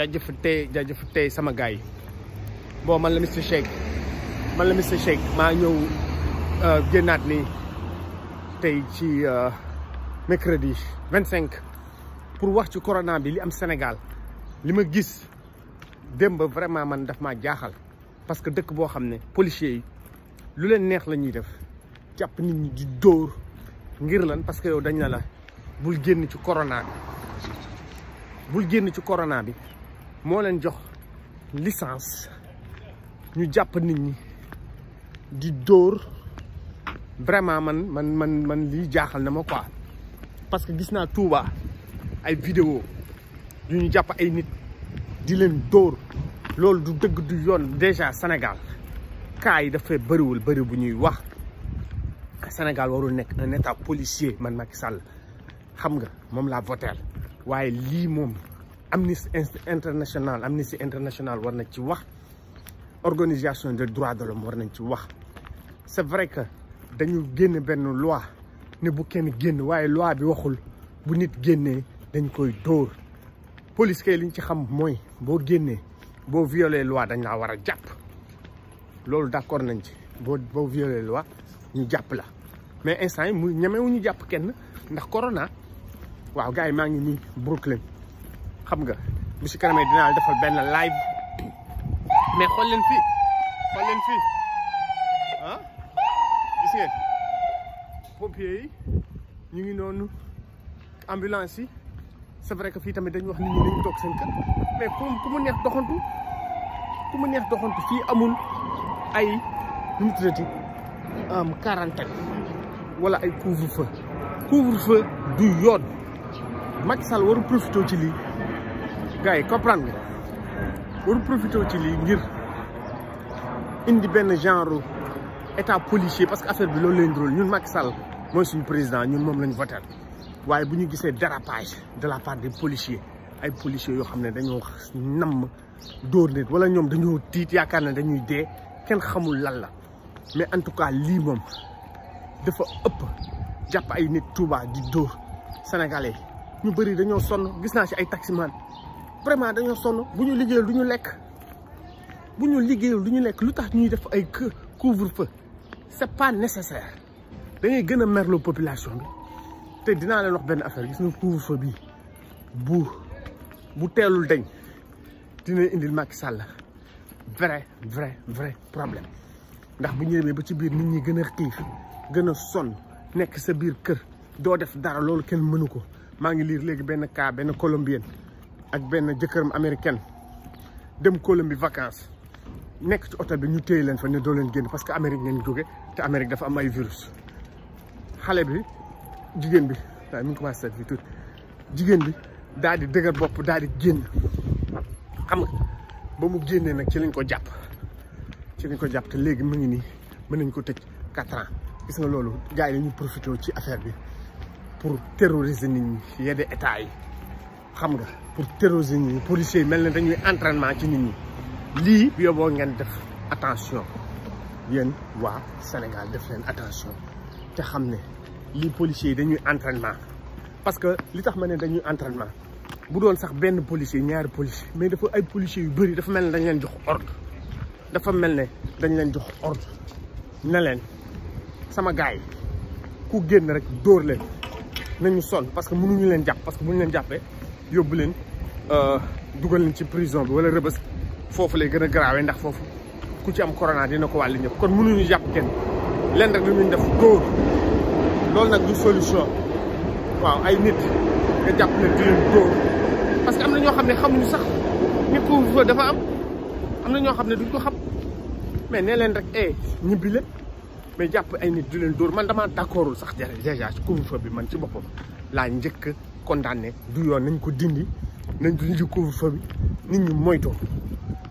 jaajëf tey sama gay bo man la Mister Shake man la Mister Shake ñew euh gennat ni tay ci euh, mercredi 25 pour wax ci corona bi li am Senegal. Lima gis demba vraiment man daf ma jaaxal parce que dëkk polisi. xamne policier yi lu leen neex lañuy def japp nit ñi di door. ngir lan parce que yow dañ na la bul génn ci corona bul génn ci corona bi moo leen jox licence ñu japp nit ñi di dóor vraiment man man man man li jaaxal na ma quoi parce que gis na Touba ay vidéo du ñu japp ay nit di leen dóor loolu du deug du yoon déjà Sénégal cas yi dafay bëriwul bëri bu ñuy wax Sénégal warul nek un état policier man Macky Sall xam nga mom la voter waye li mom Amnesty International Amnesty International war ci wax organisation des droits de l'homme war ci wax c'est vrai que dañu génn benn loi ne bu kenn génn waaye loi bi waxul bu nit génnee dañ koy dóor police kay liñ ci xam moy bo génnee bo violé loi dañ la wara japp lolou d'accord nañ ci bo bo violé loi ñu japp la mais instant yi mu ñemewuñu kenn ndax corona waaw gaay yi ngi Brooklyn xam nga bu si kanamee dinaa defal benn live mais xool leen fii xool leen fii ah gis ñu ngi noonu ambulance yi c'est que fii tamit dañu wax nit ñi mais ku mu neex doxantu ku mu neex doxantu fii amul ay nu am quarantaine wala ay couvre-feu couvre-feu du yoon Macky Sall waru profité ci gars yi comprendre nga waru profité ci lii ngir indi ben genre état policier parce que affaire bi lolou len drôle ñun Macky Sall mooy suñu président ñun mom lañ voté waye buñu gissé dérapage de la part des policiers ay policiers yo xamné ne nam namm nit wala ñom dañoo tiit yaakaar ne dañuy dé kenn xamul lan la mais en tout cas li mom dafa upp japp ay nit Touba di dóor sénégalais ñu bari dañoo sonn gis naa ci ay taximan vraiment dañoo sonn bu ñu liggéeyul du ñu lekk bu ñu liggéeyul du ñu lekk lu tax ñuy def ay couvre-feu c'est pas nécessaire da ngay gën a merloo population bi te dinaa leen wax benn affaire gis nga couvre-feu bii bu bu teelul dañ dina indil Macky Sall vrai vrai vrai problème ndax bu ñëwee ba ci biir nit ñi gën a xiif gën a sonn nekk sa biir kër doo def dara loolu kenn mënu ko maa ngi liir léegi benn cas benn colombien ak benn jëkkëram américaine dem bi vacances nekk ci hôtel bi ñu téye leen fa ne doo leen génn parce que Amérique ngeen jóge te Amérique dafa am ay virus xale bi jigéen bi waaye mu ngi commencé seet jigéen bi daal di dëgër bopp daal di génn xam nga ba mu génnee nag ci lañ ko jàpp ci lañ ko jàpp te léegi mu ngi nii mën nañ ko tëj quatre ans gis nga loolu gars yi ñu profité ci affaire bi pour terroriser nit ñi yedde état yi. xam nga pour terroriser nit ñi policiers yi mel ne dañuy entraînement ci nit ñi lii yoboo ngeen def attention yéen waa Sénégal def leen attention te xam ne lii policiers dañuy entraînement parce que li tax ma ne dañuy entraînement bu doon sax benn policier ñaari policier mais dafa ay policiers yu bëri dafa mel ne dañ leen jox ordre dafa mel ne dañ leen jox ordre ne leen sama gars yi ku génn rek dóor leen nañu sonn parce que mënuñu leen jàpp parce que bu ñu leen jàppee yóbbu leen euh, dugal leen ci prison bi wala rëbës foofu lay gën a garaawee ndax foofu ku ci am corona dina ko wàll ñëpp kon mënuñu jàpp kenn leen rek lu ñu def dóor loolu nag du solution waaw ay nit nga jàpp leen dóor na ñoo xam ne xamuñu sax ni couvre-feu na ñoo xam ne duñ ko xam mais nee leen rek eh ñibbi leen mais jàpp ay nit di leen dóor man damaa d'accordul sax déjà ci couvre-feu bi man ci boppam laa njëkk condamné du yoon nañ ko dindi nañ ko dindi couvre-feu bi nit ñu moytu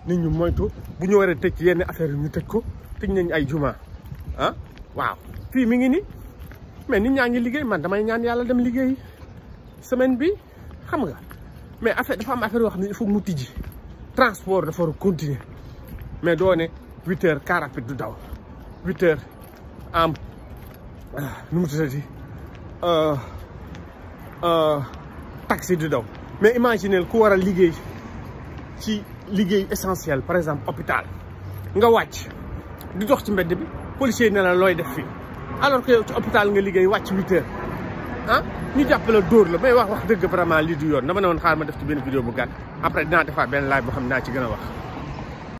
nit ñu moytu bu ñu waree a tëj yenn affaire yi ñu tëj ko tëj nañ ay juma ah waaw fii mi ngi ni mais nit ñaa ngi liggéey man damay ñaan yàlla dem liggéey semaine bi xam nga mais affaire dafa am affaire yoo xam ne il mu tijji transport dafa war a mais doo ne huit heures du daw huit am ah, nu mu tuddati euh, Euh, taxi di daw mais imaginez ku war a liggéey ci liggéey essentiel par exemple hôpital nga wàcc di dox ci mbedd bi policier yi ne la looy def fii alors que yow ci hôpital nga liggéey wàcc huit heures ah ñu jàpp la dóor la may wax wax dëgg vraiment lii du yoon benn vidéo bu xam ne naa ci gën a wax.